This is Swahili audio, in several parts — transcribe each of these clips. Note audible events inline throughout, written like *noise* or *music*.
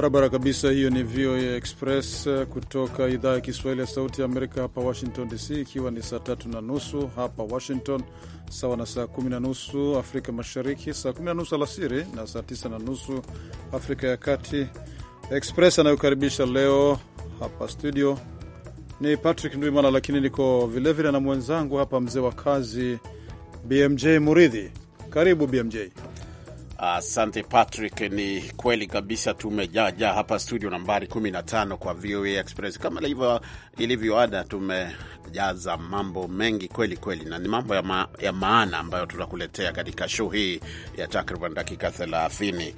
barabara kabisa. Hiyo ni VOA Express kutoka idhaa ya Kiswahili ya Sauti ya Amerika hapa Washington DC, ikiwa ni saa tatu na nusu hapa Washington, sawa na saa kumi na nusu Afrika Mashariki, saa kumi na nusu alasiri na saa tisa na nusu Afrika ya Kati. Express anayokaribisha leo hapa studio ni Patrick Ndwimana, lakini niko vilevile na mwenzangu hapa, mzee wa kazi BMJ Muridhi. Karibu BMJ. Asante Patrick, ni kweli kabisa, tumejaajaa hapa studio nambari 15 kwa VOA Express. Kama ilivyo ada, tumejaza mambo mengi kweli kweli, na ni mambo ya, ma, ya maana ambayo tutakuletea katika show hii ya takriban dakika 30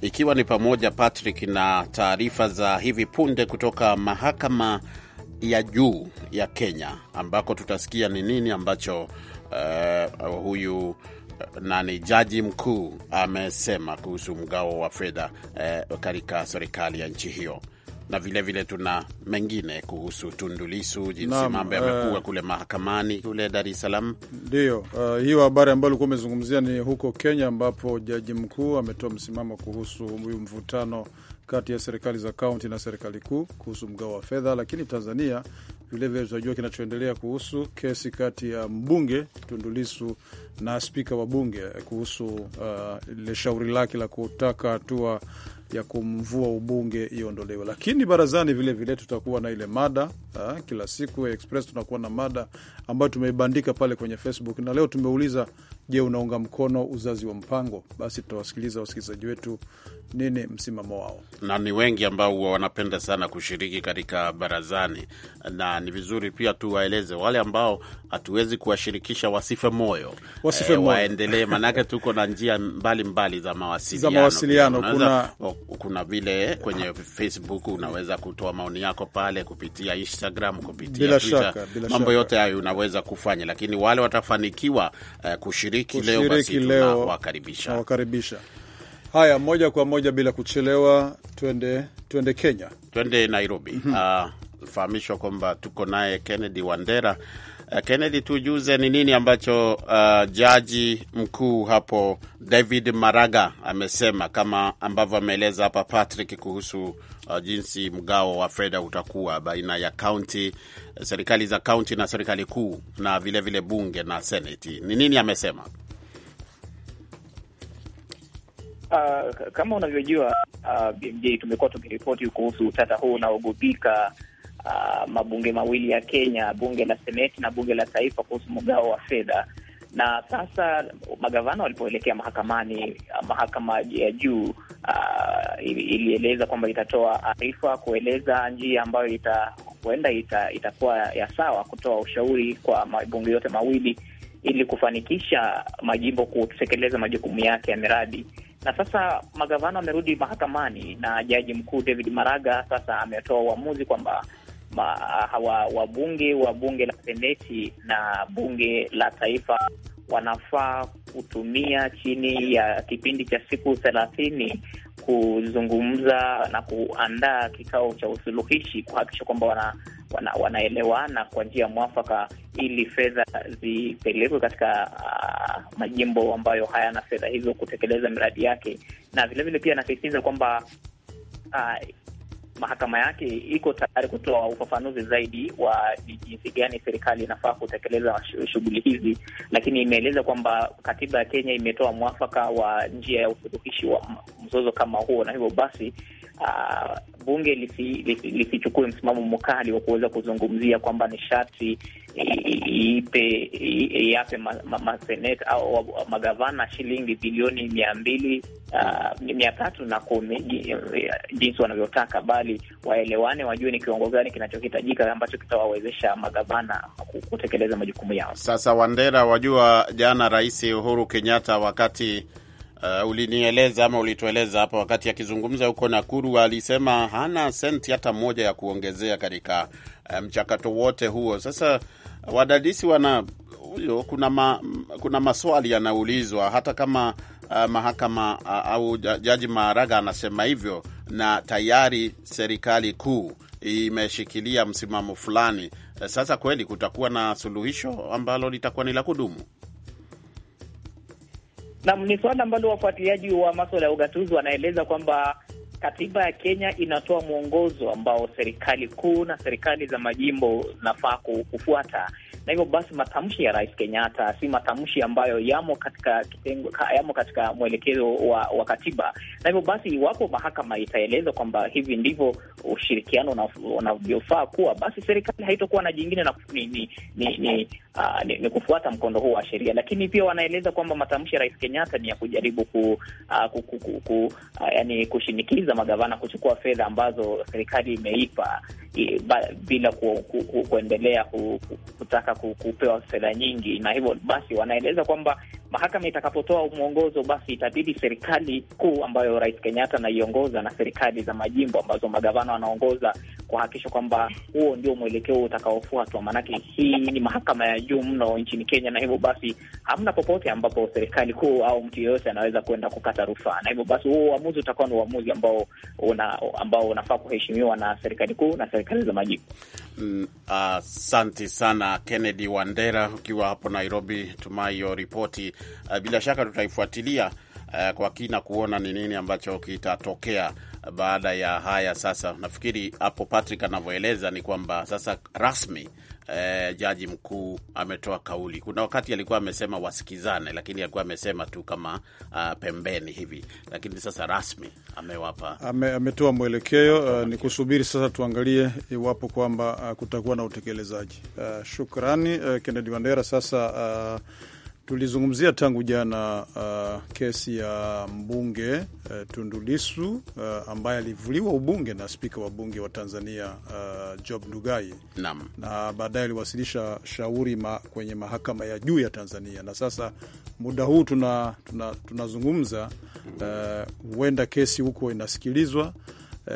ikiwa ni pamoja Patrick, na taarifa za hivi punde kutoka mahakama ya juu ya Kenya ambako tutasikia ni nini ambacho uh, huyu na ni jaji mkuu amesema kuhusu mgao wa fedha eh, katika serikali ya nchi hiyo na vilevile vile tuna mengine kuhusu tundulisu Lissu, jinsi mambo yamekuwa eh, kule mahakamani kule Dar es Salaam. Ndiyo uh, hiyo habari ambayo ulikuwa umezungumzia ni huko Kenya, ambapo jaji mkuu ametoa msimamo kuhusu huyu mvutano kati ya serikali za kaunti na serikali kuu kuhusu mgao wa fedha. Lakini Tanzania vilevile tunajua kinachoendelea kuhusu kesi kati ya mbunge Tundulisu na spika wa bunge kuhusu uh, ile shauri lake la kutaka hatua ya kumvua ubunge iondolewe. Lakini barazani vilevile vile tutakuwa na ile mada ha, kila siku Express tunakuwa na mada ambayo tumeibandika pale kwenye Facebook na leo tumeuliza, je, unaunga mkono uzazi wa mpango? Basi tutawasikiliza wasikilizaji wetu nini msimamo wao, na ni wengi ambao huwa wanapenda sana kushiriki katika barazani, na ni vizuri pia tuwaeleze wale ambao hatuwezi kuwashirikisha wasife moyo, wasife e, moyo waendelee, manake tuko na njia mbalimbali mbali za mawasiliano, za mawasiliano. Kuna kuna vile kwenye Facebook unaweza kutoa maoni yako pale, kupitia Instagram, kupitia bila Twitter, shaka, bila mambo shaka yote hayo unaweza kufanya, lakini wale watafanikiwa uh, eh, kushiriki, kushiriki leo basi tunawakaribisha wakaribisha. Haya, moja kwa moja bila kuchelewa, twende twende Kenya, twende Nairobi. mm -hmm. uh, fahamishwa kwamba tuko naye Kennedy Wandera Uh, Kennedy, tujuze ni nini ambacho uh, jaji mkuu hapo David Maraga amesema kama ambavyo ameeleza hapa Patrick kuhusu uh, jinsi mgao wa fedha utakuwa baina ya kaunti, serikali za kaunti na serikali kuu na vilevile vile bunge na seneti. Ni nini amesema? Uh, kama unavyojua uh, BMJ tumekuwa tukiripoti kuhusu utata huu unaogubika uh, mabunge mawili ya Kenya, bunge la seneti na bunge la taifa kuhusu mgao wa fedha. Na sasa magavana walipoelekea mahakamani, uh, mahakama ya juu uh, ilieleza kwamba itatoa arifa kueleza njia ambayo ita huenda ita, itakuwa ya sawa kutoa ushauri kwa mabunge yote mawili ili kufanikisha majimbo kutekeleza majukumu yake ya miradi. Na sasa magavana wamerudi mahakamani na jaji mkuu David Maraga sasa ametoa uamuzi kwamba hawa wabunge wa bunge la seneti na bunge la taifa wanafaa kutumia chini ya kipindi cha siku thelathini kuzungumza na kuandaa kikao cha usuluhishi kuhakikisha kwamba wana wana, wanaelewana kwa njia mwafaka ili fedha zipelekwe katika uh, majimbo ambayo hayana fedha hizo kutekeleza miradi yake, na vilevile vile pia anasisitiza kwamba uh, mahakama yake iko tayari kutoa ufafanuzi zaidi wa jinsi gani serikali inafaa kutekeleza shughuli hizi, lakini imeeleza kwamba katiba ya Kenya imetoa mwafaka wa njia ya usuluhishi wa mzozo kama huo, na hivyo basi uh, bunge lisichukue lisi, lisi msimamo mkali wa kuweza kuzungumzia kwamba ni iipe iape maseneta ma, ma, au magavana shilingi bilioni mia mbili uh, mia tatu na kumi jinsi wanavyotaka, bali waelewane, wajue ni kiwango gani kinachohitajika ambacho kitawawezesha magavana kutekeleza majukumu yao. Sasa Wandera, wajua jana Rais Uhuru Kenyatta wakati Uh, ulinieleza ama ulitueleza hapa wakati akizungumza huko Nakuru, alisema hana senti hata moja ya kuongezea katika uh, mchakato um, wote huo. Sasa wadadisi wana huyo, kuna, ma, kuna maswali yanaulizwa hata kama uh, mahakama uh, au jaji Maaraga anasema hivyo, na tayari serikali kuu imeshikilia msimamo fulani. Uh, sasa kweli kutakuwa na suluhisho ambalo litakuwa ni la kudumu? Naam, ni suala ambalo wafuatiliaji wa maswala ya ugatuzi wanaeleza kwamba Katiba ya Kenya inatoa mwongozo ambao serikali kuu na serikali za majimbo zinafaa kufuata, na hivyo basi matamshi ya Rais Kenyatta si matamshi ambayo yamo katika kitengo, yamo katika mwelekezo wa, wa katiba, na hivyo basi iwapo mahakama itaeleza kwamba hivi ndivyo ushirikiano unavyofaa kuwa, basi serikali haitokuwa na jingine na ni, ni, ni, ni, uh, ni, ni kufuata mkondo huu wa sheria. Lakini pia wanaeleza kwamba matamshi ya Rais Kenyatta ni ya kujaribu ku, uh, ku, ku, ku, ku, uh, yani kushinikiza magavana kuchukua fedha ambazo serikali imeipa bila ku, ku, ku, kuendelea ku, ku, kutaka ku, kupewa fedha nyingi, na hivyo basi wanaeleza kwamba mahakama itakapotoa mwongozo, basi itabidi serikali kuu ambayo Rais Kenyatta anaiongoza na serikali za majimbo ambazo magavana wanaongoza kuhakikisha kwamba huo ndio mwelekeo utakaofuatwa, maanake hii ni mahakama ya juu mno nchini Kenya, na hivyo basi hamna popote ambapo serikali kuu au mtu yeyote anaweza kwenda kukata rufaa, na hivyo basi huo uamuzi utakuwa ni uamuzi ambao una, ambao unafaa kuheshimiwa na serikali kuu na serikali za majimbo. Mm, asante mm, uh, sana Kennedy Wandera ukiwa hapo Nairobi. Tumai hiyo ripoti Uh, bila shaka tutaifuatilia uh, kwa kina kuona ni nini ambacho kitatokea baada ya haya. Sasa nafikiri hapo Patrick anavyoeleza ni kwamba sasa rasmi eh, jaji mkuu ametoa kauli. Kuna wakati alikuwa amesema wasikizane, lakini alikuwa amesema tu kama uh, pembeni hivi, lakini sasa rasmi amewapa ame, ametoa mwelekeo. Uh, ni kusubiri sasa tuangalie iwapo kwamba uh, kutakuwa na utekelezaji. Uh, shukrani uh, Kennedy Wandera. Sasa uh, Tulizungumzia tangu jana uh, kesi ya mbunge uh, Tundulisu uh, ambaye alivuliwa ubunge na spika wa bunge wa Tanzania uh, Job Ndugai Naam. na baadaye aliwasilisha shauri ma, kwenye mahakama ya juu ya Tanzania, na sasa muda huu tunazungumza tuna, tuna uh, huenda uh, kesi huko inasikilizwa uh,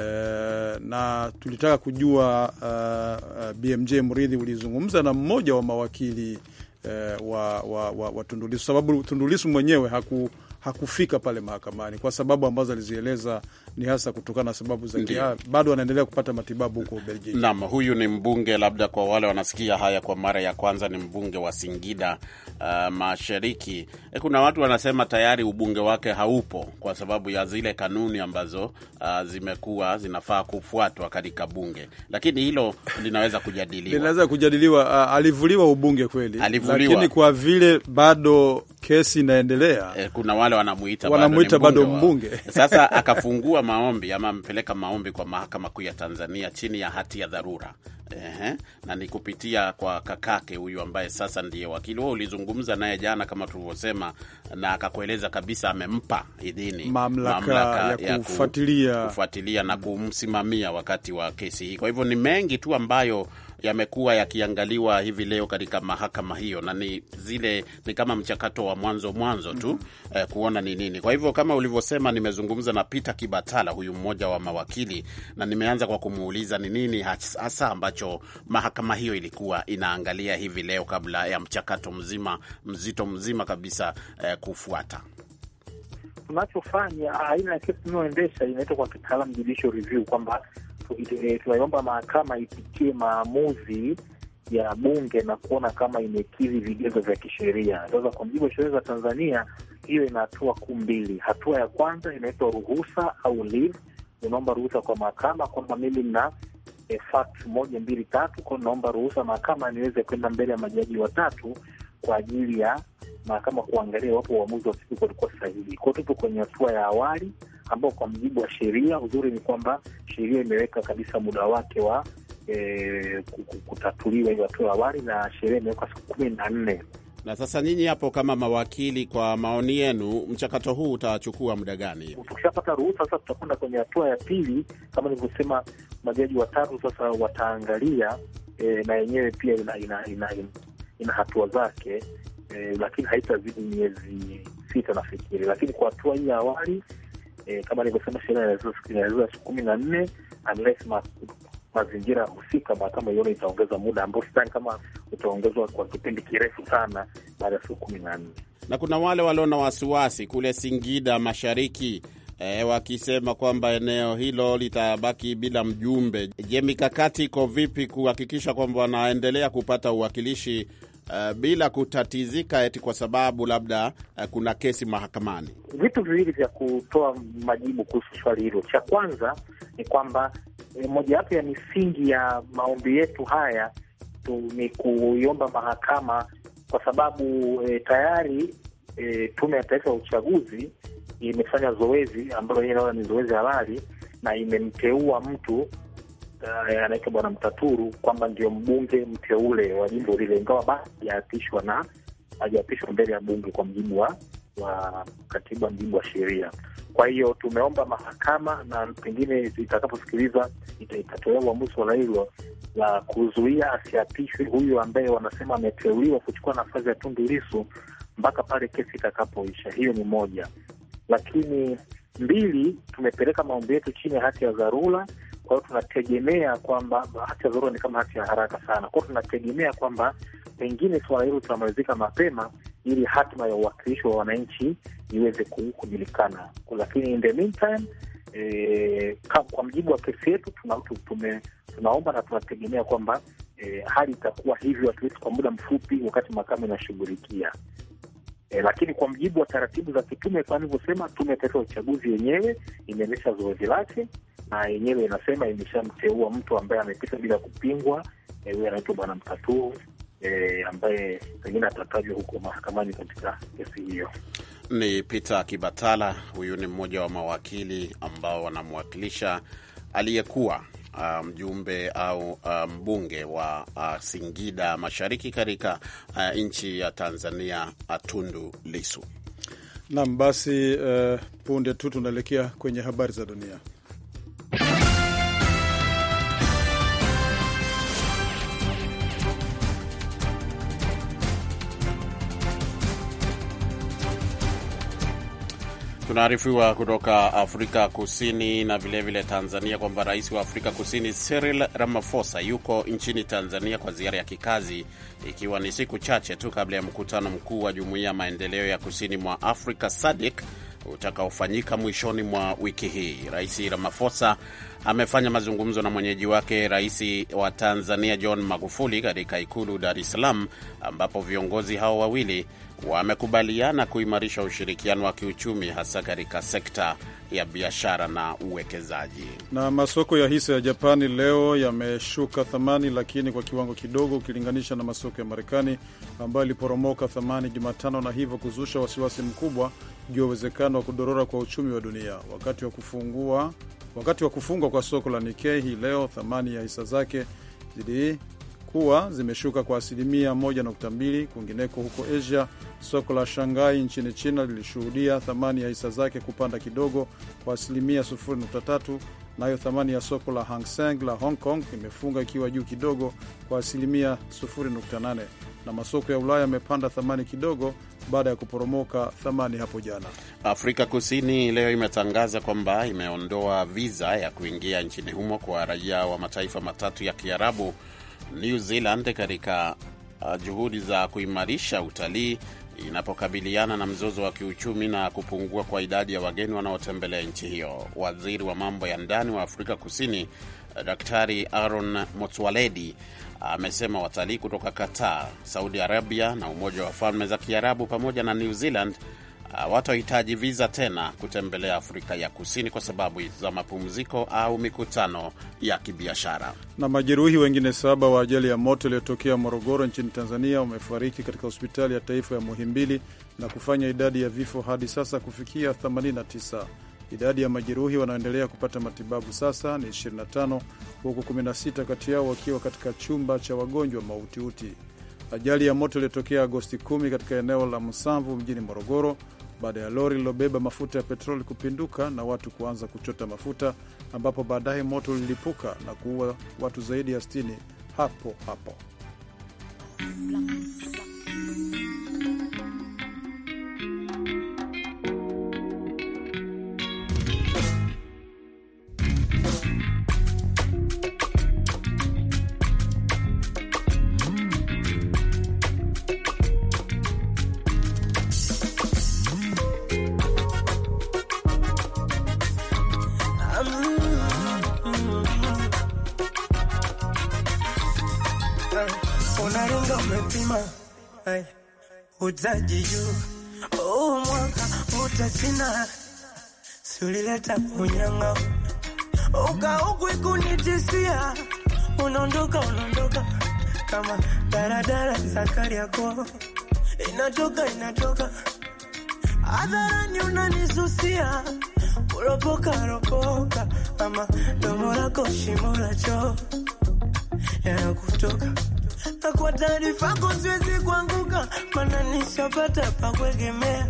na tulitaka kujua uh, uh BMJ Mridhi ulizungumza na mmoja wa mawakili eh, wa, wa, wa, wa Tundulisu sababu Tundulisu mwenyewe haku hakufika pale mahakamani kwa sababu ambazo alizieleza ni hasa kutokana na sababu za kia, Bado anaendelea kupata matibabu huko Ubelgiji. Naam, huyu ni mbunge, labda kwa wale wanasikia haya kwa mara ya kwanza, ni mbunge wa Singida uh, Mashariki. E, kuna watu wanasema tayari ubunge wake haupo kwa sababu ya zile kanuni ambazo uh, zimekuwa zinafaa kufuatwa katika bunge, lakini hilo linaweza kujadiliwa, linaweza kujadiliwa. Uh, alivuliwa ubunge kweli, alivuliwa. Lakini kwa vile bado kesi inaendelea e, kuna wale wale wanamuita wanamuita bado mbunge wa. *laughs* Sasa akafungua maombi ama amepeleka maombi kwa mahakama kuu ya Tanzania chini ya hati ya dharura Ehe, na ni kupitia kwa kakake huyu ambaye sasa ndiye wakili wao. Ulizungumza naye jana kama tulivyosema, na akakueleza kabisa amempa idhini mamlaka, mamlaka ya kufuatilia kufuatilia na kumsimamia wakati wa kesi hii. Kwa hivyo ni mengi tu ambayo yamekuwa yakiangaliwa hivi leo katika mahakama hiyo, na ni zile ni kama mchakato wa mwanzo mwanzo tu mm -hmm. eh, kuona ni nini. Kwa hivyo kama ulivyosema, nimezungumza na Peter Kibatala, huyu mmoja wa mawakili, na nimeanza kwa kumuuliza ni nini hasa ambacho mahakama hiyo ilikuwa inaangalia hivi leo kabla ya mchakato mzima mzito mzima kabisa eh, kufuata tunachofanya aina ah, ya kesi tunayoendesha inaitwa kwa kitaalamu judicial review, kwamba tunaiomba eh, mahakama ipitie maamuzi ya bunge na kuona kama imekidhi vigezo vya kisheria. Sasa kwa mujibu wa sheria za Tanzania, hiyo ina hatua kuu mbili. Hatua ya kwanza inaitwa ruhusa au leave. Unaomba ruhusa kwa mahakama kwamba mimi na e, fact moja mbili tatu, kwao naomba ruhusa mahakama niweze kwenda mbele ya majaji watatu kwa ajili ya mahakama kuangalia iwapo uamuzi wa siku ulikuwa sahihi. Kwao tupo kwenye hatua ya awali ambao kwa mujibu wa sheria, uzuri ni kwamba sheria imeweka kabisa muda wake wa e, kutatuliwa hiyo hatua awali, na sheria imeweka siku kumi na nne. Na sasa nyinyi hapo kama mawakili, kwa maoni yenu, mchakato huu utachukua muda gani? Tukishapata ruhusa sasa, tutakwenda kwenye hatua ya pili. Kama nilivyosema, majaji watatu sasa wataangalia e, na yenyewe pia ina, ina, ina, ina, ina hatua zake e, lakini haitazidi miezi sita nafikiri, lakini kwa hatua hii ya awali e, kama nilivyosema sheria inaelezea siku kumi na nne unless ma, mazingira husika mahakama iona itaongeza muda ambao sidhani kama utaongezwa kwa kipindi kirefu sana baada ya siku kumi na nne. Na kuna wale walio na wasiwasi kule Singida Mashariki E, wakisema kwamba eneo hilo litabaki bila mjumbe. Je, mikakati iko vipi kuhakikisha kwamba wanaendelea kupata uwakilishi uh, bila kutatizika eti kwa sababu labda uh, kuna kesi mahakamani. Vitu viwili vya kutoa majibu kuhusu swali hilo. Cha kwanza ni kwamba e, mojawapo ya misingi ya maombi yetu haya tu ni kuiomba mahakama kwa sababu e, tayari e, Tume ya Taifa ya Uchaguzi imefanya zoezi ambalo yeye naona ni zoezi halali na imemteua mtu uh, anaitwa Bwana Mtaturu kwamba ndio mbunge mteule wa jimbo lile, ingawa bado hajaapishwa na hajaapishwa mbele ya bunge kwa mjibu wa wa katiba, mjibu wa sheria. Kwa hiyo tumeomba mahakama, na pengine itakaposikiliza itatolea uamuzi wa hilo la kuzuia asiapishwe huyu ambaye wanasema ameteuliwa kuchukua nafasi ya Tundu Lissu mpaka pale kesi itakapoisha. Hiyo ni moja, lakini mbili, tumepeleka maombi yetu chini ya hati ya dharura kwa hiyo tunategemea kwamba hati ya dharura ni kama hati ya haraka sana. Kwa hiyo tunategemea kwamba pengine suala hilo tunamalizika mapema, ili hatima ya uwakilishi wa wananchi iweze kujulikana, lakini in the meantime E, kwa mjibu wa kesi yetu tunaomba na tunategemea kwamba e, hali itakuwa hivyo at least kwa muda mfupi, wakati mahakama inashughulikia E, lakini kwa mjibu wa taratibu za kitume kama nilivyosema, tume ya taifa ya uchaguzi yenyewe imeendesha zoezi lake na yenyewe inasema imeshamteua mtu ambaye amepita bila kupingwa. E, anaitwa Bwana Mtatuu e, ambaye pengine atatajwa huko mahakamani katika kesi hiyo. Ni Peter Kibatala, huyu ni mmoja wa mawakili ambao wanamwakilisha aliyekuwa Uh, mjumbe um, au uh, mbunge um, wa uh, Singida Mashariki katika uh, nchi ya Tanzania uh, Tundu Lisu. Naam, basi uh, punde tu tunaelekea kwenye habari za dunia. Tunaarifiwa kutoka Afrika Kusini na vilevile vile Tanzania kwamba rais wa Afrika Kusini Cyril Ramaphosa yuko nchini Tanzania kwa ziara ya kikazi, ikiwa ni siku chache tu kabla ya mkutano mkuu wa Jumuiya ya Maendeleo ya Kusini mwa Afrika SADC utakaofanyika mwishoni mwa wiki hii. Rais Ramaphosa amefanya mazungumzo na mwenyeji wake rais wa Tanzania John Magufuli katika ikulu Dar es Salaam, ambapo viongozi hao wawili wamekubaliana kuimarisha ushirikiano wa kiuchumi hasa katika sekta ya biashara na uwekezaji. Na masoko ya hisa ya Japani leo yameshuka thamani, lakini kwa kiwango kidogo ukilinganisha na masoko ya Marekani ambayo iliporomoka thamani Jumatano na hivyo kuzusha wasiwasi mkubwa juu ya uwezekano wa kudorora kwa uchumi wa dunia wakati wa kufungua wakati wa kufungwa kwa soko la Nikkei hii leo, thamani ya hisa zake zili kuwa zimeshuka kwa asilimia 1.2. Kwingineko huko Asia, soko la Shanghai nchini China lilishuhudia thamani ya hisa zake kupanda kidogo kwa asilimia 0.3. Nayo thamani ya soko la Hang Seng la Hong Kong imefunga ikiwa juu kidogo kwa asilimia 0.8, na masoko ya Ulaya yamepanda thamani kidogo baada ya kuporomoka thamani hapo jana. Afrika Kusini leo imetangaza kwamba imeondoa viza ya kuingia nchini humo kwa raia wa mataifa matatu ya Kiarabu New Zealand katika uh, juhudi za kuimarisha utalii inapokabiliana na mzozo wa kiuchumi na kupungua kwa idadi ya wageni wanaotembelea nchi hiyo. Waziri wa mambo ya ndani wa Afrika Kusini uh, Daktari Aaron Motsoaledi amesema watalii kutoka Qatar, Saudi Arabia na Umoja wa Falme za Kiarabu pamoja na New Zealand hawatahitaji ah, viza tena kutembelea Afrika ya Kusini kwa sababu za mapumziko au mikutano ya kibiashara. Na majeruhi wengine saba wa ajali ya moto iliyotokea Morogoro nchini Tanzania wamefariki katika hospitali ya taifa ya Muhimbili na kufanya idadi ya vifo hadi sasa kufikia 89. Idadi ya majeruhi wanaoendelea kupata matibabu sasa ni 25 huku 16 kati yao wakiwa katika chumba cha wagonjwa mautiuti. Ajali ya moto iliyotokea Agosti 10 katika eneo la Msamvu mjini Morogoro baada ya lori lilobeba mafuta ya petroli kupinduka na watu kuanza kuchota mafuta, ambapo baadaye moto ulilipuka na kuua watu zaidi ya 60 hapo hapo. unaringa umepima, utaji juu oh, mwaka muta sina siulileta kunyanga uka uku ikunitisia, unaondoka unaondoka kama daradara sakari yako inatoka inatoka hadharani unanisusia kuropoka ropoka ama domo lako shimo la choo yanakutoka hata kwa taarifa yako siwezi kuanguka, maana nishapata pa kuegemea.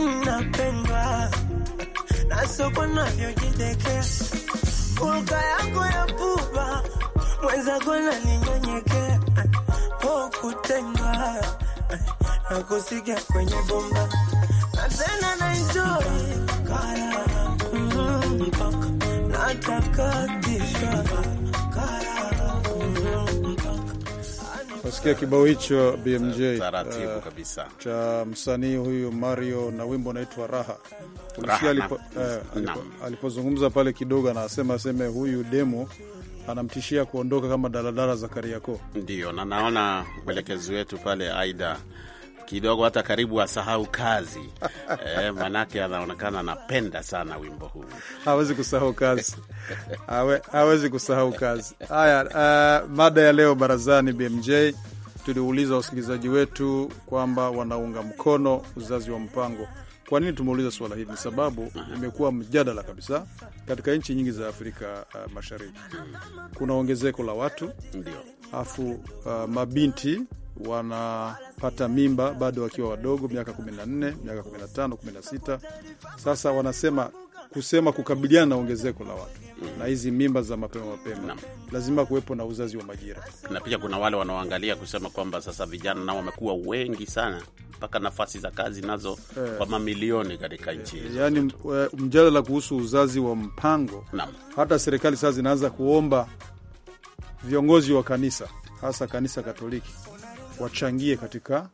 Mnapendwa mm, na soko navyojitekea, oga yako ya pupa mwenzako naninyenyekea, po kutendwa na kusikia kwenye bomba na tena naenjoy mm, mpaka nataka Umesikia kibao hicho BMJ, eh, taratibu uh, kabisa cha msanii huyu Mario na wimbo unaitwa Raha. Umesikia alipo, eh, alipozungumza pale kidogo, anasema aseme huyu demo anamtishia kuondoka kama daladala za Kariakoo. Ndio, na naona mwelekezi wetu pale Aida kidogo, hata karibu asahau kazi *laughs* e, manake anaonekana anapenda sana wimbo huu, hawezi kusahau kazi hawezi kusahau kazi. Haya, uh, mada ya leo barazani BMJ tuliuliza wasikilizaji wetu kwamba wanaunga mkono uzazi wa mpango. Kwa nini tumeuliza suala hili? Ni sababu imekuwa mjadala kabisa katika nchi nyingi za Afrika uh, Mashariki. Hmm. Kuna ongezeko la watu ndio, afu uh, mabinti wanapata mimba bado wakiwa wadogo, miaka 14, miaka 15, 16. Sasa wanasema kusema kukabiliana na ongezeko la watu mm na hizi mimba za mapema mapema na, lazima kuwepo na uzazi wa majira, na pia kuna wale wanaoangalia kusema kwamba sasa vijana nao wamekuwa wengi sana mpaka nafasi za kazi nazo eh. kwa yeah. mamilioni katika nchi yeah. yani eh, mjadala kuhusu uzazi wa mpango na, hata serikali sasa zinaanza kuomba viongozi wa kanisa hasa kanisa Katoliki wachangie katika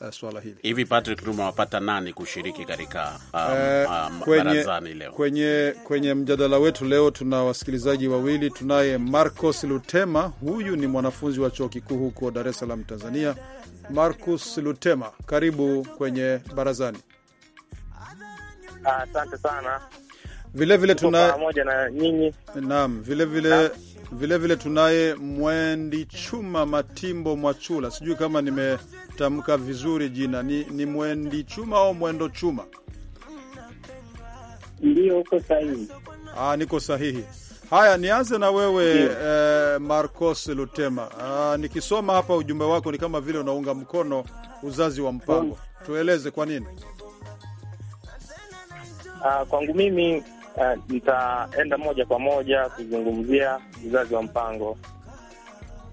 uh, swala hili. Hivi Patrick, tumewapata nani kushiriki katika um, uh, um barazani leo? Kwenye, kwenye mjadala wetu leo tuna wasikilizaji wawili. Tunaye Marcos Lutema, huyu ni mwanafunzi wa chuo kikuu huko Dar es Salaam, Tanzania. Marcus Lutema, karibu kwenye barazani. Asante sana. Vilevile tuna na nyinyi. Naam, vilevile Vilevile tunaye Mwendi Chuma Matimbo Mwachula, sijui kama nimetamka vizuri jina ni, ni Mwendi Chuma au Mwendo Chuma? Ndio, uko sahihi. Ah, niko sahihi. Haya, nianze na wewe eh, Marcos Lutema. Ah, nikisoma hapa ujumbe wako ni kama vile unaunga mkono uzazi wa mpango. Tueleze kwa nini? Ah, kwangu mimi Eh, nitaenda uh, moja kwa moja kuzungumzia uzazi wa mpango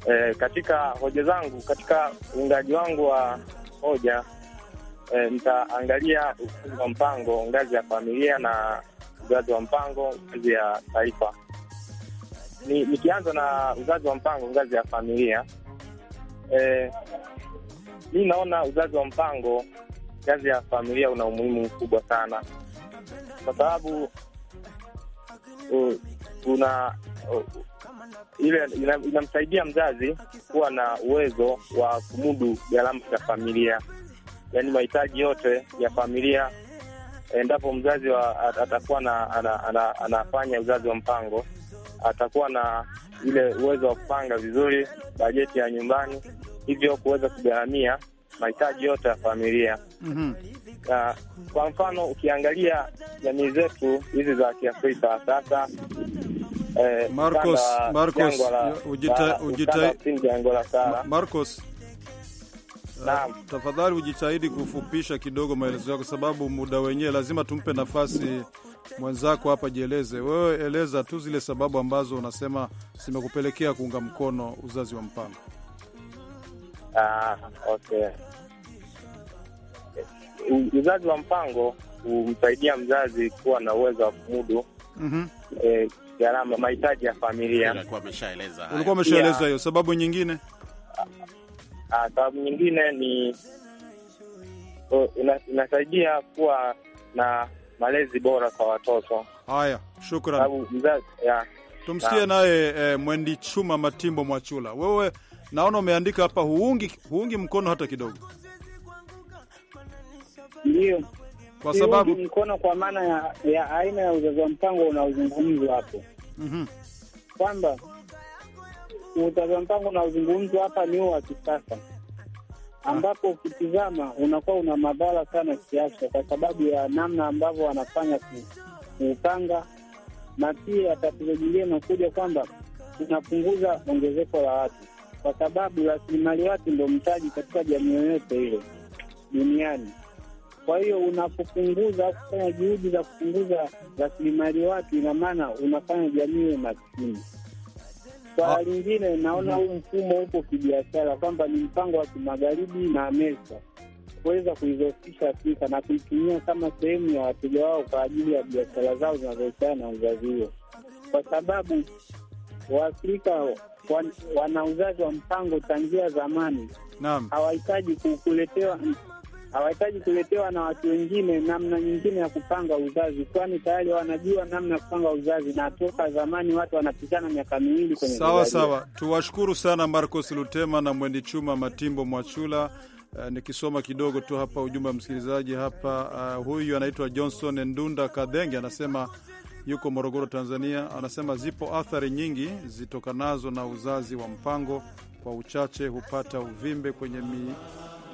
eh, katika hoja zangu, katika uungaji wangu wa hoja eh, nitaangalia uzazi wa mpango ngazi ya familia na uzazi wa mpango ngazi ya taifa. Ni, nikianza na uzazi wa mpango ngazi ya familia eh, mi naona uzazi wa mpango ngazi ya familia una umuhimu mkubwa sana, kwa sababu una uh, ile inamsaidia mzazi kuwa na uwezo wa kumudu gharama za familia, yaani mahitaji yote ya familia endapo mzazi wa, atakuwa na anafanya ana, ana uzazi wa mpango, atakuwa na ile uwezo wa kupanga vizuri bajeti ya nyumbani, hivyo kuweza kugharamia mahitaji yote ya familia. mm -hmm. Uh, kwa mfano ukiangalia jamii zetu hizi za Kiafrika sasa eh, Marcos, uh, tafadhali ujitahidi kufupisha kidogo maelezo yako, sababu muda wenyewe lazima tumpe nafasi mwenzako hapa jieleze. Wewe eleza tu zile sababu ambazo unasema zimekupelekea kuunga mkono uzazi wa mpango. Ah, okay uzazi wa mpango humsaidia mzazi kuwa na uwezo wa kumudu mm -hmm. e, gharama mahitaji ya familia. Ulikuwa umeshaeleza hiyo. Sababu nyingine a, ah, ah, sababu nyingine ni o, ina, inasaidia kuwa na malezi bora kwa watoto. Haya, shukrani. Sababu mzazi ya tumsikie naye e, Mwendi Chuma Matimbo Mwachula, wewe naona umeandika hapa, huungi huungi mkono hata kidogo ndio, kwa sababu mkono kwa maana ya, ya aina ya uzazi wa mpango unaozungumzwa hapo mm -hmm. kwamba uzazi wa mpango unaozungumzwa hapa ni huo wa kisasa ambapo ukitizama unakuwa una madhara sana kiafya, kwa sababu ya namna ambavyo wanafanya kuupanga, na pia tatizo jingine nakuja kwamba unapunguza ongezeko la watu, kwa sababu rasilimali watu ndo mtaji katika jamii yoyote ile duniani. Kwa hiyo unapopunguza au kufanya juhudi za kupunguza rasilimali watu, ina maana unafanya jamii ya maskini. Swala ah. lingine naona huu mfumo upo kibiashara, kwamba ni mpango wa kimagharibi na Amerika kuweza kuizofisha Afrika na kuitumia kama sehemu ya wateja wao kwa ajili ya biashara zao zinazohusiana na uzazi huo, kwa sababu Waafrika wana uzazi wa mpango tangia zamani. hawahitaji kuletewa hawahitaji kuletewa na watu wengine namna nyingine ya kupanga uzazi, kwani tayari wanajua namna ya kupanga uzazi, na toka zamani watu wanapitana miaka miwili kwenye sawa sawa. Tuwashukuru sana Marcos Lutema na Mwendi Chuma Matimbo Mwachula. Uh, nikisoma kidogo tu hapa ujumbe wa msikilizaji hapa. Uh, huyu anaitwa Johnson Ndunda kadenge anasema yuko Morogoro, Tanzania. Anasema zipo athari nyingi zitokanazo na uzazi wa mpango, kwa uchache hupata uvimbe kwenye mi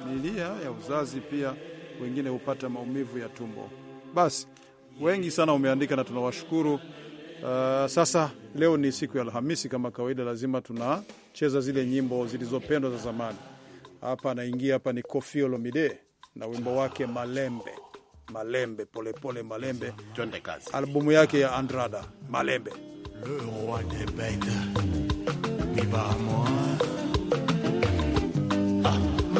milia ya uzazi, pia wengine hupata maumivu ya tumbo. Basi wengi sana umeandika na tunawashukuru. Uh, sasa leo ni siku ya Alhamisi, kama kawaida, lazima tunacheza zile nyimbo zilizopendwa za zamani. Hapa anaingia hapa ni Koffi Olomide na wimbo wake Malembe Malembe, polepole pole, Malembe. Twende kazi, albumu yake ya Andrada Malembe, le roi des bêtes.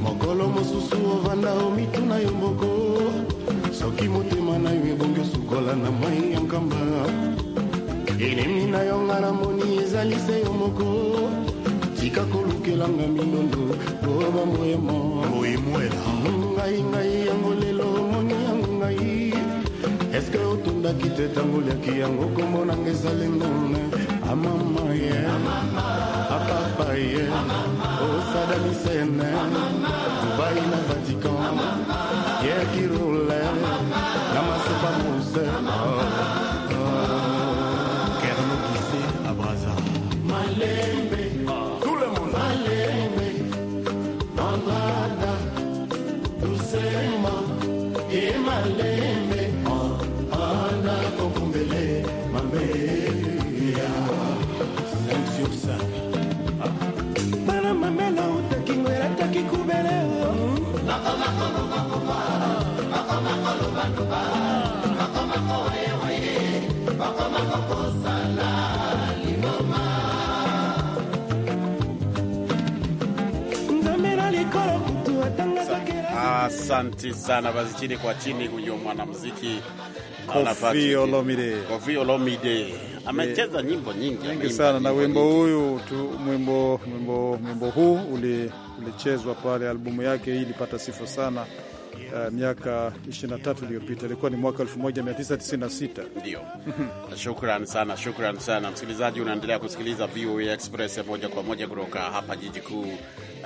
mokolo mosusu ovanda omituna yo mboko soki motema na yo ebongi osukola na mai ya nkamba na yo namoni yo moko tika kolukelanga minondo po ngai ngai yango lelo omoni yango ngai eske otundaki te ntango oliaki yango kombo nanga amama yeah papa yenne, au Saddam Dubaï na Vatican, hier qui roulait, n'amassez pas Kissé tout le monde, Malembe. Asanti sana basi, chini kwa chini, huyo mwanamuziki Koffi Olomide, Koffi Olomide amecheza nyimbo nyingi nyingi sana, na wimbo huyu tu, mwimbo, mwimbo, mwimbo huu ulichezwa pale, albumu yake hii ilipata sifa sana uh, miaka 23 iliyopita, ilikuwa ni mwaka 1996. Ndio. *laughs* Shukran sana, shukran sana msikilizaji, unaendelea kusikiliza VOA Express moja kwa moja kutoka hapa jiji kuu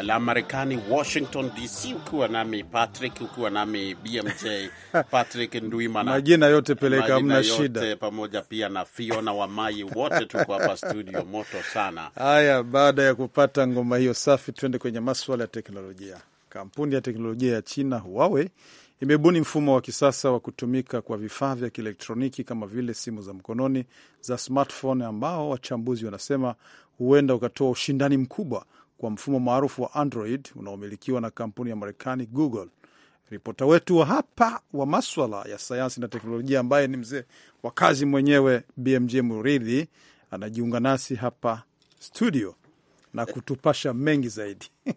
la Marekani, Washington DC, ukiwa nami Patrick, ukiwa nami BMJ *laughs* Patrick Ndwimana, majina yote peleka, hamna shida, pamoja pia na Fiona Wamai, wote tuko hapa studio, moto sana. Haya, baada ya kupata ngoma hiyo safi, tuende kwenye maswala ya teknolojia. Kampuni ya teknolojia ya China Huawei imebuni mfumo wa kisasa wa kutumika kwa vifaa vya kielektroniki kama vile simu za mkononi za smartphone, ambao wachambuzi wanasema huenda ukatoa ushindani mkubwa kwa mfumo maarufu wa Android unaomilikiwa na kampuni ya Marekani Google. Ripota wetu wa hapa wa maswala ya sayansi na teknolojia ambaye ni mzee wa kazi mwenyewe BMJ Muridhi anajiunga nasi hapa studio na kutupasha mengi zaidi. *laughs*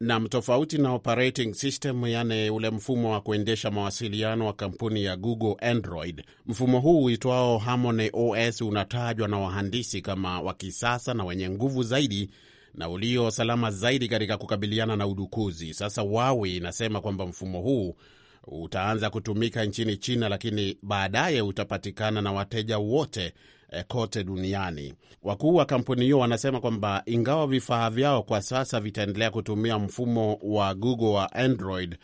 Nam, tofauti na operating system, yani ule mfumo wa kuendesha mawasiliano wa kampuni ya Google Android, mfumo huu uitwao Harmony OS unatajwa na wahandisi kama wa kisasa na wenye nguvu zaidi na ulio salama zaidi katika kukabiliana na udukuzi. Sasa Huawei inasema kwamba mfumo huu utaanza kutumika nchini China, lakini baadaye utapatikana na wateja wote Eh, kote duniani. Wakuu wa kampuni hiyo wanasema kwamba ingawa vifaa vyao kwa sasa vitaendelea kutumia mfumo wa Google wa Android,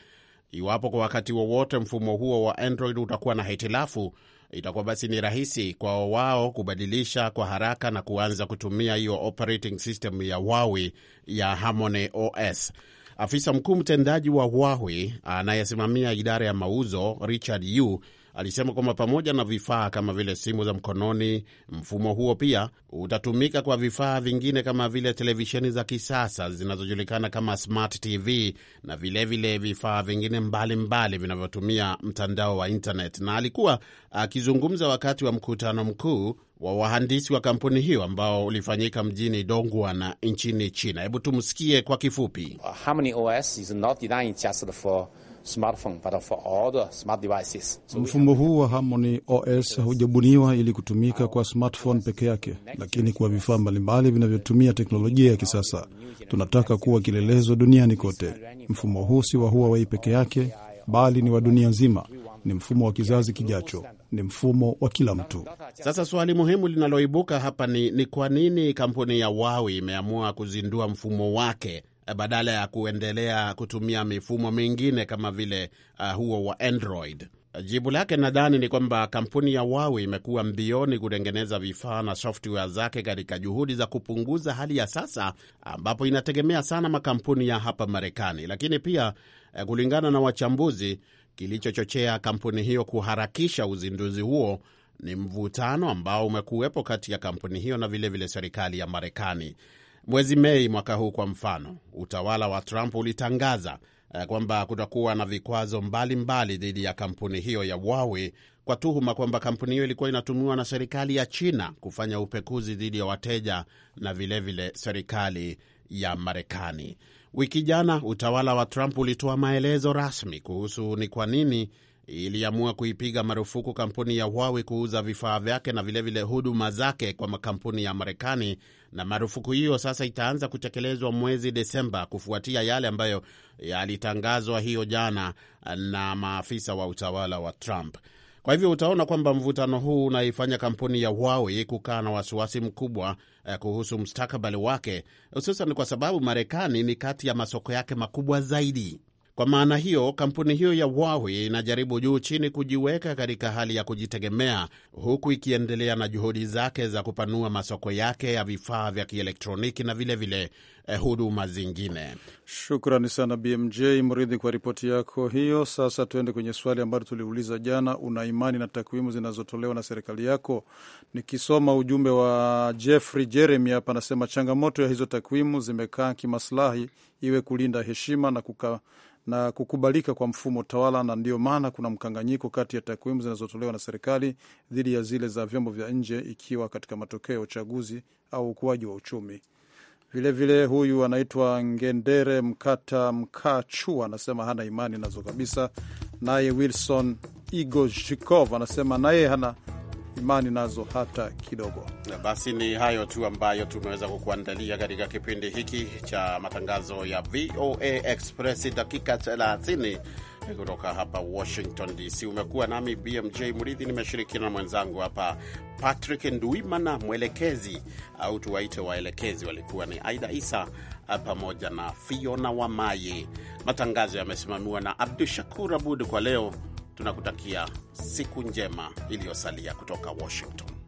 iwapo kwa wakati wowote wa mfumo huo wa Android utakuwa na hitilafu, itakuwa basi ni rahisi kwa wao kubadilisha kwa haraka na kuanza kutumia hiyo operating system ya Huawei ya Harmony OS. Afisa mkuu mtendaji wa Huawei anayesimamia idara ya mauzo Richard Yu alisema kwamba pamoja na vifaa kama vile simu za mkononi, mfumo huo pia utatumika kwa vifaa vingine kama vile televisheni za kisasa zinazojulikana kama smart TV na vilevile vifaa vingine mbalimbali vinavyotumia mtandao wa internet. Na alikuwa akizungumza wakati wa mkutano mkuu wa wahandisi wa kampuni hiyo ambao ulifanyika mjini Dongguan nchini China. Hebu tumsikie kwa kifupi. OS is not smartphone but for the smart devices. So mfumo huu wa Harmony OS haujabuniwa ili kutumika kwa smartphone peke yake, lakini kwa vifaa mbalimbali vinavyotumia teknolojia ya kisasa. Tunataka kuwa kielelezo duniani kote. Mfumo huu si wa Huawei peke yake, bali ni wa dunia nzima. Ni mfumo wa kizazi kijacho, ni mfumo wa kila mtu. Sasa swali muhimu linaloibuka hapa ni, ni kwa nini kampuni ya Huawei imeamua kuzindua mfumo wake Eh, badala ya kuendelea kutumia mifumo mingine kama vile uh, huo wa Android. Jibu lake nadhani ni kwamba kampuni ya Huawei imekuwa mbioni kutengeneza vifaa na software zake katika juhudi za kupunguza hali ya sasa ambapo inategemea sana makampuni ya hapa Marekani. Lakini pia eh, kulingana na wachambuzi, kilichochochea kampuni hiyo kuharakisha uzinduzi huo ni mvutano ambao umekuwepo kati ya kampuni hiyo na vilevile vile serikali ya Marekani. Mwezi Mei mwaka huu, kwa mfano, utawala wa Trump ulitangaza eh, kwamba kutakuwa na vikwazo mbalimbali dhidi ya kampuni hiyo ya Huawei kwa tuhuma kwamba kampuni hiyo ilikuwa inatumiwa na serikali ya China kufanya upekuzi dhidi ya wateja na vilevile vile serikali ya Marekani. Wiki jana utawala wa Trump ulitoa maelezo rasmi kuhusu ni kwa nini iliamua kuipiga marufuku kampuni ya Huawei kuuza vifaa vyake na vilevile huduma zake kwa makampuni ya Marekani, na marufuku hiyo sasa itaanza kutekelezwa mwezi Desemba kufuatia yale ambayo yalitangazwa hiyo jana na maafisa wa utawala wa Trump. Kwa hivyo utaona kwamba mvutano huu unaifanya kampuni ya Huawei kukaa na wasiwasi mkubwa eh, kuhusu mustakabali wake, hususan kwa sababu Marekani ni kati ya masoko yake makubwa zaidi. Kwa maana hiyo, kampuni hiyo ya Huawei inajaribu juu chini kujiweka katika hali ya kujitegemea, huku ikiendelea na juhudi zake za kupanua masoko yake ya vifaa vya kielektroniki na vilevile vile, eh, huduma zingine. Shukrani sana BMJ Mridhi kwa ripoti yako hiyo. Sasa tuende kwenye swali ambalo tuliuliza jana, una imani na takwimu zinazotolewa na serikali yako? Nikisoma ujumbe wa Jeffrey Jeremy hapa, anasema changamoto ya hizo takwimu zimekaa kimaslahi, iwe kulinda heshima na kuka na kukubalika kwa mfumo tawala, na ndio maana kuna mkanganyiko kati ya takwimu zinazotolewa na serikali dhidi ya zile za vyombo vya nje, ikiwa katika matokeo ya uchaguzi au ukuaji wa uchumi. Vilevile vile huyu anaitwa Ngendere Mkata Mkachua anasema hana imani nazo kabisa. Naye Wilson Igoshikov anasema naye hana imani nazo hata kidogo. Na basi ni hayo tu ambayo tumeweza kukuandalia katika kipindi hiki cha matangazo ya VOA Express dakika 30 kutoka hapa Washington DC. Umekuwa nami BMJ Murithi, nimeshirikiana na mwenzangu hapa Patrick Nduimana, mwelekezi au tuwaite waelekezi walikuwa ni Aida Isa pamoja na Fiona Wamaye. Matangazo yamesimamiwa na Abdu Shakur Abud kwa leo tunakutakia siku njema iliyosalia kutoka Washington.